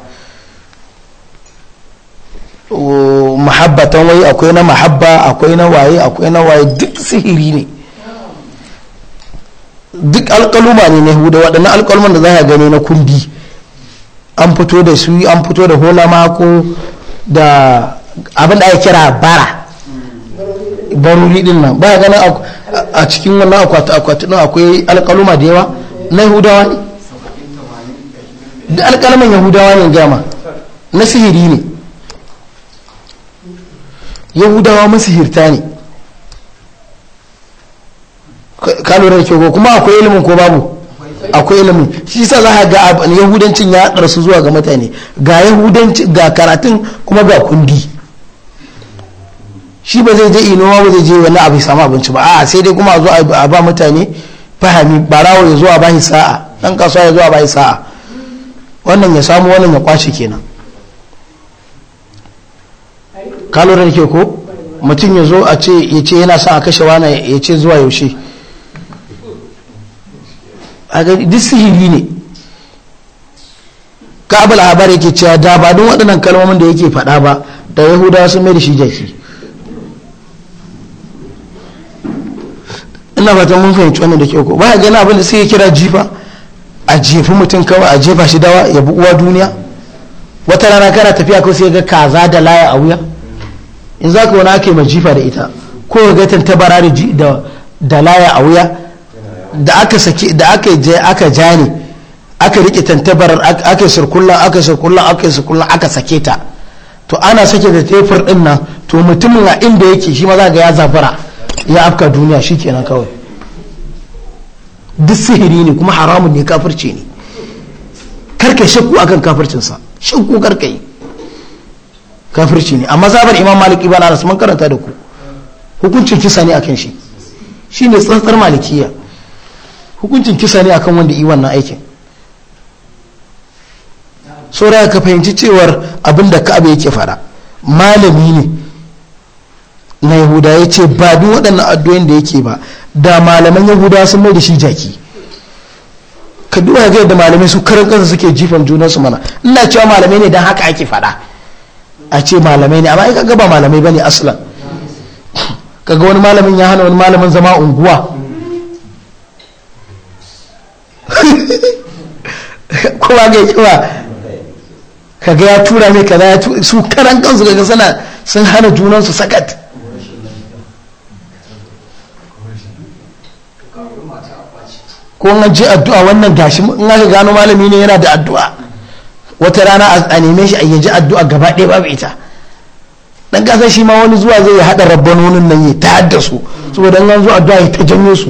mahabbatan wai akwai na mahabba akwai na waye akwai na waye duk sihiri ne duk alƙaluma ne na yahuda waɗannan alƙaluman da za ka gani na kundi an fito da su an fito da hula mako da abin da ake kira bara baruri din nan ba ganin a cikin wannan akwati akwati nan akwai alƙaluma da yawa na yahudawa ne da alƙalman yahudawa ne gama na sihiri ne yahudawa masihirta ne ka lura da kyau kuma akwai ilimin ko babu akwai ilimin shi sa za ga yahudancin ya ɗarsu zuwa ga mutane ga yahudanci ga karatun kuma ga kundi shi ba zai je inuwa ba zai je wani abu samu abinci ba a sai dai kuma a zo a ba mutane fahimi barawo ya zuwa ba sa'a dan kasuwa ya zuwa ba sa'a wannan ya samu wannan ya kwashe kenan ka lura ko mutum ya zo a ce ya ce yana son a kashe wani ya ce zuwa yaushe a gani duk sihiri ne ka al yake cewa da ba don waɗannan kalmomin da yake faɗa ba da yahudawa sun mai da shi jaki ina ta mun fahimci wannan da ke ko ba gani abin da sai ya kira jifa a jefi mutum kawai a jefa shi dawa ya bi uwa duniya wata rana kana tafiya kawai sai ga kaza da laya a wuya in za ka wani aka yi ma jifa da ita ko ga ta tabara da laya a wuya da aka saki da aka je aka jani aka rike tantabar aka sirkulla aka sirkulla aka sirkulla aka sake ta to ana sake da tefur din nan to mutumin a inda yake shi ma za ga ya zafara ya afka duniya shi kenan kawai duk sihiri ne kuma haramun ne kafirci ne karka shakku akan kafircinsa shakku karka yi kafirci ne amma zabar imam malik ibn anas mun karanta da ku hukuncin kisa ne akan shi shine tsantsar malikiya hukuncin kisa ne akan wanda yi wannan aikin saura ka fahimci cewar abinda ka ka'aba yake fara malami ne na yahuda ya ce ba duk waɗannan addu'in da yake ba da malaman yahuda sun mai da shi jaki ka duba ga yadda malamai su karin kansa suke jifan junan su mana ina cewa malamai ne don haka ake fada a ce malamai ne amma ai kaga ba malamai bane aslan kaga wani malamin ya hana wani malamin zama unguwa [laughs] kuma ga kiwa kaga ya tura mai kaza ya tura su karan kansu kaga sana sun hana junansu sakat ko an ji addu'a wannan gashi in aka gano malami ne yana da addu'a wata rana a neme shi a ji addu'a gaba ɗaya babu ita dan kasa shi ma wani zuwa zai haɗa rabban nan ya ta haddasu saboda an zo addu'a ya ta janyo su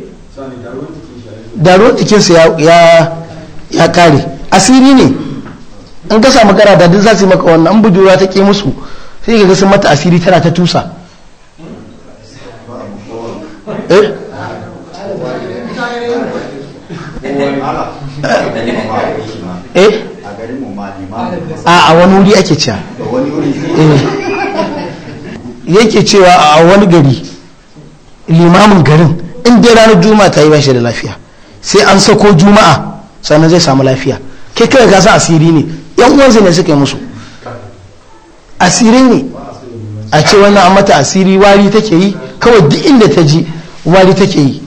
da ruwan jikinsu ya kare asiri ne in ka samu kara da duk za su yi maka wannan an bujura ta ke musu sai ga sun mata asiri tana ta tusa eh? Eh? a a wani wuri ake cewa eh. yake cewa a wani gari limamin garin in ranar juma'a ta yi bashi da lafiya sai an sako juma'a sannan zai samu lafiya kai kai ka san asiri ne yan uwansa ne suka yi musu asiri ne a ce wannan an mata asiri wari take yi kawai duk inda ta ji wari take yi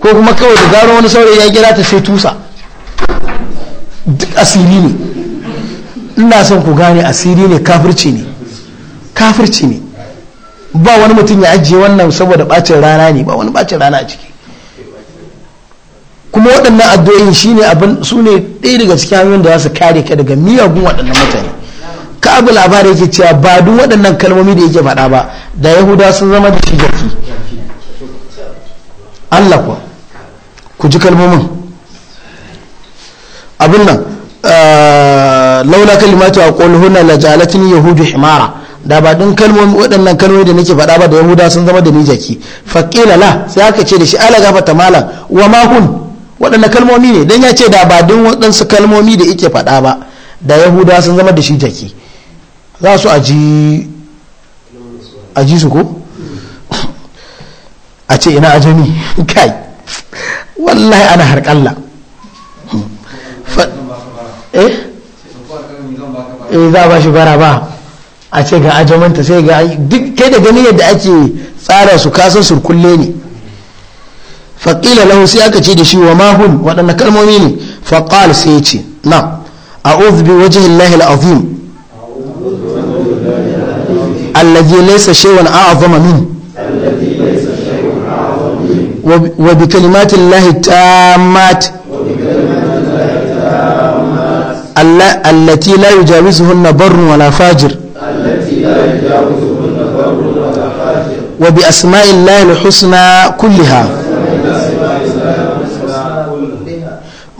ko kuma kawai da gano wani saurayi ya gira ta sai tusa duk asiri ne ina son ku gane asiri ne kafirci ne kafirci ne ba wani mutum ya ajiye wannan saboda bacin rana ne ba wani bacin rana a ciki kuma waɗannan addu'o'in shine abin su ne ɗaya daga cikin hanyoyin da za su kare ka daga miyagun waɗannan mutane ka abu labari yake cewa ba duk waɗannan kalmomi da yake faɗa ba da yahuda sun zama da shi jaki Allah kuwa ku ji kalmomin abin nan ah, laula kalimatu a ƙolhuna la jalatin yahudu himara da ba ɗin kalmomi waɗannan kalmomi da nake faɗa ba da yahuda sun zama da ni jaki faƙila la sai aka ce da shi ala gafa ta malam wa mahun waɗanne kalmomi ne don ya ce da ba don waɗansu kalmomi da ike faɗa ba da yahudawa sun zama da shi jaki za su aji su ko a ce ina ajami [laughs] kai wallahi ana harƙalla eh? eh za ba shi bara ba a ce ga ajamanta sai ga duk kai da gani yadda ake tsara su kasan surkulle ne faƙila lahu sai aka ce da shi wa mahun waɗanne kalmomi ne faƙal sai ce na a bi wajen lahi al'azim allazi laisa shewan a'azama min wa bi kalimatin lahi tamat التي لا يجاوزهن بر ولا فاجر وبأسماء الله الحسنى كلها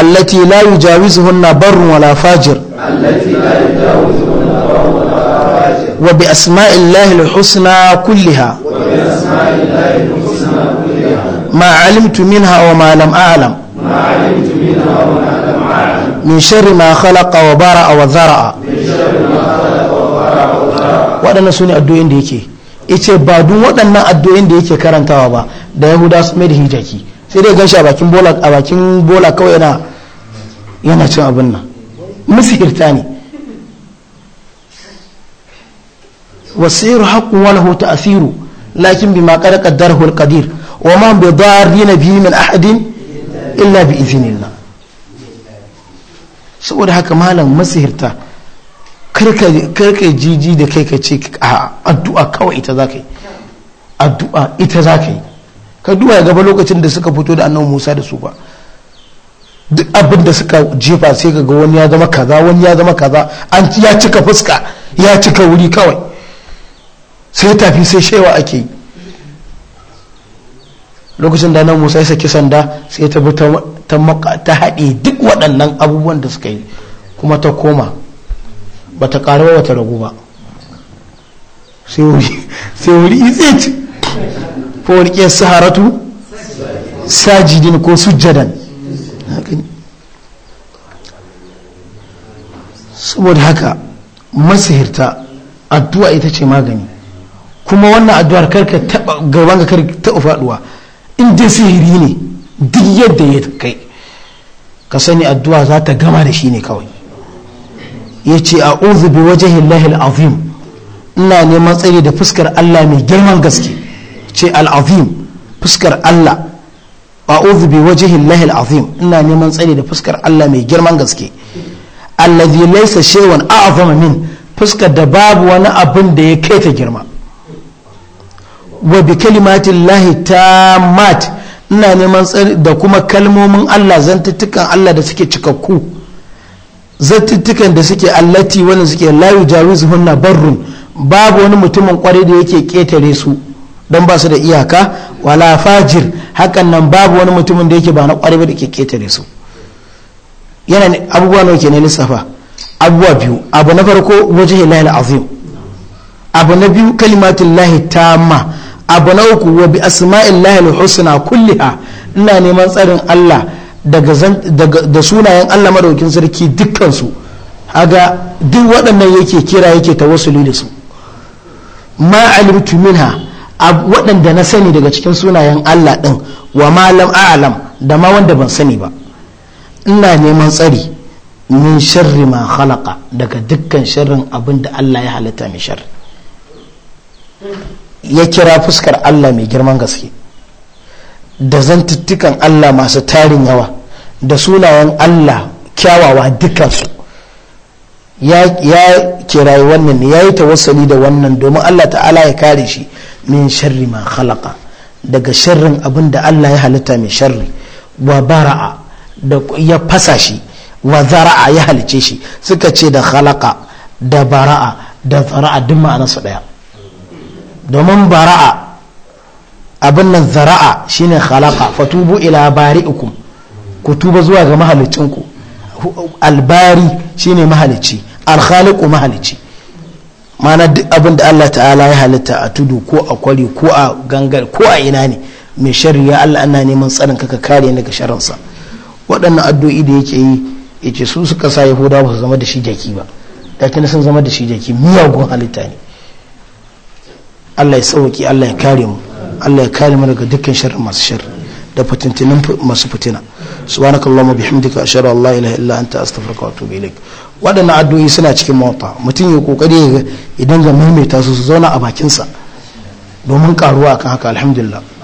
التي لا يجاوزهن بر ولا فاجر وبأسماء الله الحسنى كلها ما علمت منها وما لم أعلم من شر ما خلق وبرأ وذرأ waɗannan su ne da yake ice ba duk waɗannan addu’in da yake karantawa ba da yahuda su mai da hijaki sai dai ganshi a bakin bola a bakin bola kawai yana yana cin abin nan musihirta ne wasir haqqun wa lahu ta'thiru lakin bima qad qaddarahu al-qadir wa ma bi darrin bi min ahadin illa bi idhnillah saboda haka malam masihirta karka jiji da kai ka ce a addu'a kawai ita za ka yi addu'a ita za ka yi ka duwa gaba lokacin da suka fito da annabi musa da su ba duk abin da suka jefa sai ga wani ya zama kaza wani ya zama kaza an ya cika fuska ya cika wuri kawai sai tafi sai shewa ake yi lokacin da nan musa ya saki sanda sai ta bi ta haɗe duk waɗannan abubuwan da suka yi kuma ta koma ba ta ƙaruwa ba ta ragu ba sai wuri [laughs] sai wuri wani walƙiyar saharatu sajidin ko sujjadan saboda haka masihirta addu'a ita ce magani kuma wannan addu'ar karka taba gaban ka karka taɓa faduwa in dai sihiri ne duk yadda ya kai ka sani addu'a za ta gama da shi ne kawai ya ce a uzu bi wajen lahil fim ina neman tsari da fuskar allah mai girman gaske ce al'azim fuskar Allah a bi wajhi lahil azim ina neman tsare da fuskar Allah mai girman gaske allazi laysa shay'un a'zama min fuskar da babu wani abin da ya kai ta girma wa bi kalimatin lahi tammat ina neman tsari da kuma kalmomin Allah zantuttukan Allah da suke cikakku zantuttukan da suke allati wanda suke la hunna barrun babu wani mutumin kwarai da yake ketare su don ba su da iyaka wala fajir hakan nan babu wani mutumin da yake ba na kwarewa da ke ketare su yana abubuwa nawa ke ne lissafa abubuwa biyu abu na farko wajen lahi azim abu na biyu kalimatin lahi tamma abu na uku wa bi asma'il lahi husna kulliha ina neman tsarin Allah da sunayen Allah madaukin sarki dukkan su haga duk waɗannan yake kira yake ta da su ma alimtu minha waɗanda na sani daga cikin sunayen Allah ɗin wa malam a'alam da ma wanda ban sani ba ina neman tsari min sharri ma khalaqa daga dukkan sharrin abin da Allah ya halitta mai shar ya kira fuskar Allah mai girman gaske da zantuttukan Allah masu tarin yawa da sunayen Allah kyawawa dukansu ya kirayi wannan ne ya yi tawassali da wannan domin Allah ta'ala ya kare shi min sharri ma khalaqa daga sharrin abin da Allah ya halitta mai sharri wa bara'a da ya fasa shi wa zara'a ya halice shi suka ce da khalaqa da bara'a da zara'a duk su ɗaya domin bara'a abin nan zara'a shine khalaqa fatubu ila bari'ikum ku tuba zuwa ga mahalicinku albari shine mahalici alkhaliqu mahalici mana duk abin da Allah ta'ala ya halitta a tudu ko a kwari ko a gangar ko a ina ne mai ya Allah ana neman tsarin kaka kare daga sharansa waɗannan addu'o'i da yake yi ce su suka sa yahuda ba su zama da shi jaki ba da kina sun zama da shi jaki miyagun halitta ne Allah ya sauki Allah ya kare mu Allah ya kare mu daga dukkan sharri masu sharri da fitintunan masu fitina subhanakallahumma bihamdika ashhadu an la ilaha illa anta astaghfiruka wa atubu ilaik waɗannan addu'o'i suna cikin mawata mutum ya kokari idan ga maimaita su su zauna a bakinsa domin karuwa kan haka alhamdulillah